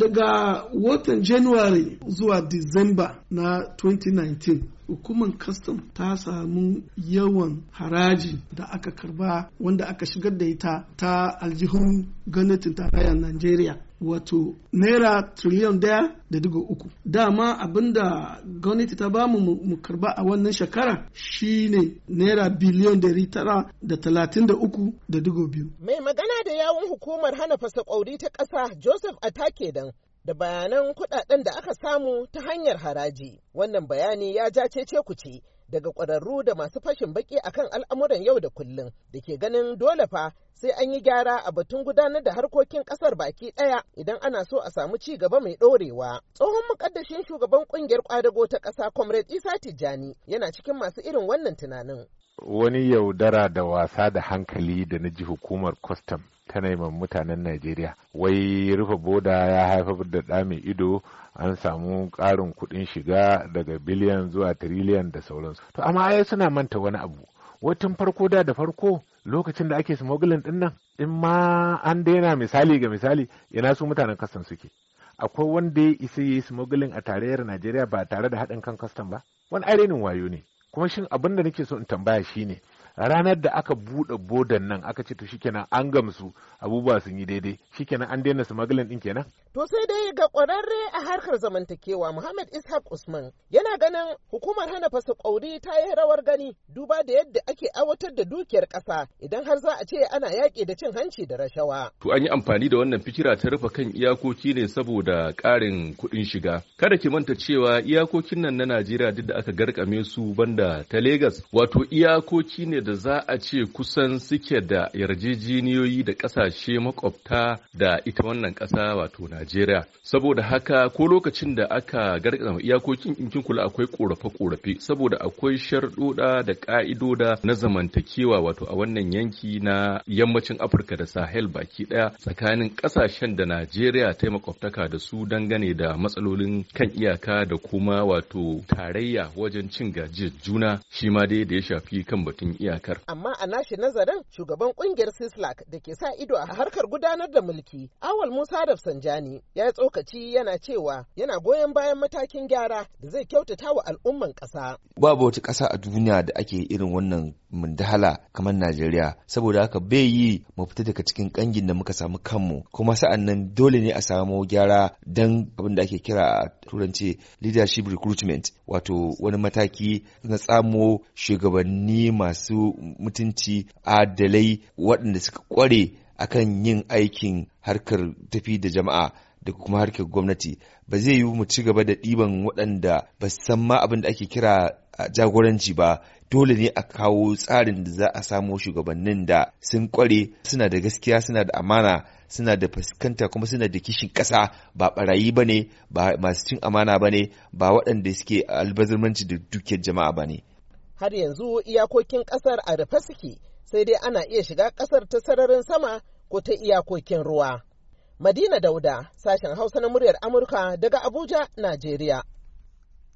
daga watan january zuwa disamba na 2019 hukumar kastam ta samu yawan haraji da aka karba wanda aka shigar da ita ta aljihun gwamnatin tarayyar najeriya wato naira triliyan daya da digo uku dama abinda gwamnati ta bamu mu karba a wannan shekara shine naira biliyan dari tara da talatin da uku da digo biyu mai magana da yawun hukumar hana fasa kwauri ta ƙasa joseph atakedan da bayanan kudaden da aka samu ta hanyar haraji. Wannan bayani ya ja cece ce, daga ƙwararru da masu fashin baki akan al'amuran yau da kullum da ke ganin dole fa sai an yi gyara a batun gudanar da harkokin ƙasar baki ɗaya idan ana so a samu ci gaba mai ɗorewa. Tsohon mukaddashin shugaban ƙungiyar ƙwadago ta ƙasa Comrade Isa Tijjani yana cikin masu irin wannan tunanin. Wani yaudara da wasa da hankali da na ji hukumar kwastam kanaiman mutanen najeriya wai rufe boda ya haifar da ɗa ido an samu ƙarin kuɗin shiga daga biliyan zuwa tiriliyan da sauransu to amma ai suna manta wani abu watan farko da da farko lokacin da ake smuggling din nan in ma an daina misali ga misali ina su mutanen kasan suke akwai wanda ya isa yi smuggling a tarayyar najeriya ba tare da haɗin kan kastan ba wani ainihin wayo ne kuma shin abin da nake so in tambaya shine ranar da aka buɗe bodan nan aka ce to shikenan an gamsu abubuwa sun yi daidai shikenan an daina smuggling din kenan to sai dai ga ƙwararre a harkar zamantakewa Muhammad Ishaq Usman yana ganin hukumar hana fasa ƙauri ta yi rawar gani duba da yadda ake aiwatar da dukiyar ƙasa idan har za a ce ana yaƙi da cin hanci da rashawa to an yi amfani da wannan fikira ta rufe kan iyakoki ne saboda ƙarin kuɗin shiga kada ki manta cewa iyakokin nan na Najeriya duk da aka garkame su banda ta Legas wato iyakoki ne da za a ce kusan suke da yarjejeniyoyi da ƙasashe makwabta da ita wannan ƙasa wato Najeriya. Saboda haka ko lokacin da aka gargama iyakokin in kula akwai ƙorafe-ƙorafe saboda akwai sharɗoɗa da ƙa'idoda na zamantakewa wato a wannan yanki na yammacin Afirka da Sahel baki ɗaya tsakanin ƙasashen da Najeriya ta makwabtaka da su dangane da matsalolin kan iyaka da kuma wato tarayya wajen cin gajiyar juna shi ma dai da ya shafi kan batun iyaka. iyakar. Amma a nashi nazarin shugaban kungiyar Sislak da ke sa ido a harkar gudanar da mulki, Awal Musa da Sanjani, ya tsokaci yana cewa yana goyon bayan matakin gyara da zai kyautata wa al'umman ƙasa. Babu wata ƙasa a duniya da ake irin wannan mundahala kamar Najeriya saboda haka bai yi mu fita daga cikin ƙangin da muka samu kanmu kuma sa'an nan dole ne a samu gyara don abin da ake kira a turanci leadership recruitment wato wani mataki na tsamo shugabanni masu mutunci adalai waɗanda suka ƙware kan yin aikin harkar tafi da jama'a da kuma harkar gwamnati ba zai yiwu mu ci gaba da ɗiban waɗanda ba san ma abin da ake kira jagoranci ba dole ne a kawo tsarin da za a samo shugabannin da sun kware suna da gaskiya suna da amana suna da fuskanta kuma suna da kishin ƙasa ba barayi ba ne ba masu cin amana ba ne ba waɗanda suke albazirmanci da dukiyar jama'a ba ne. har yanzu iyakokin ƙasar a rufe suke sai dai ana iya shiga ƙasar ta sararin sama ko ta iyakokin ruwa. Madina Dauda, sashen Hausa na muryar Amurka daga Abuja, Najeriya.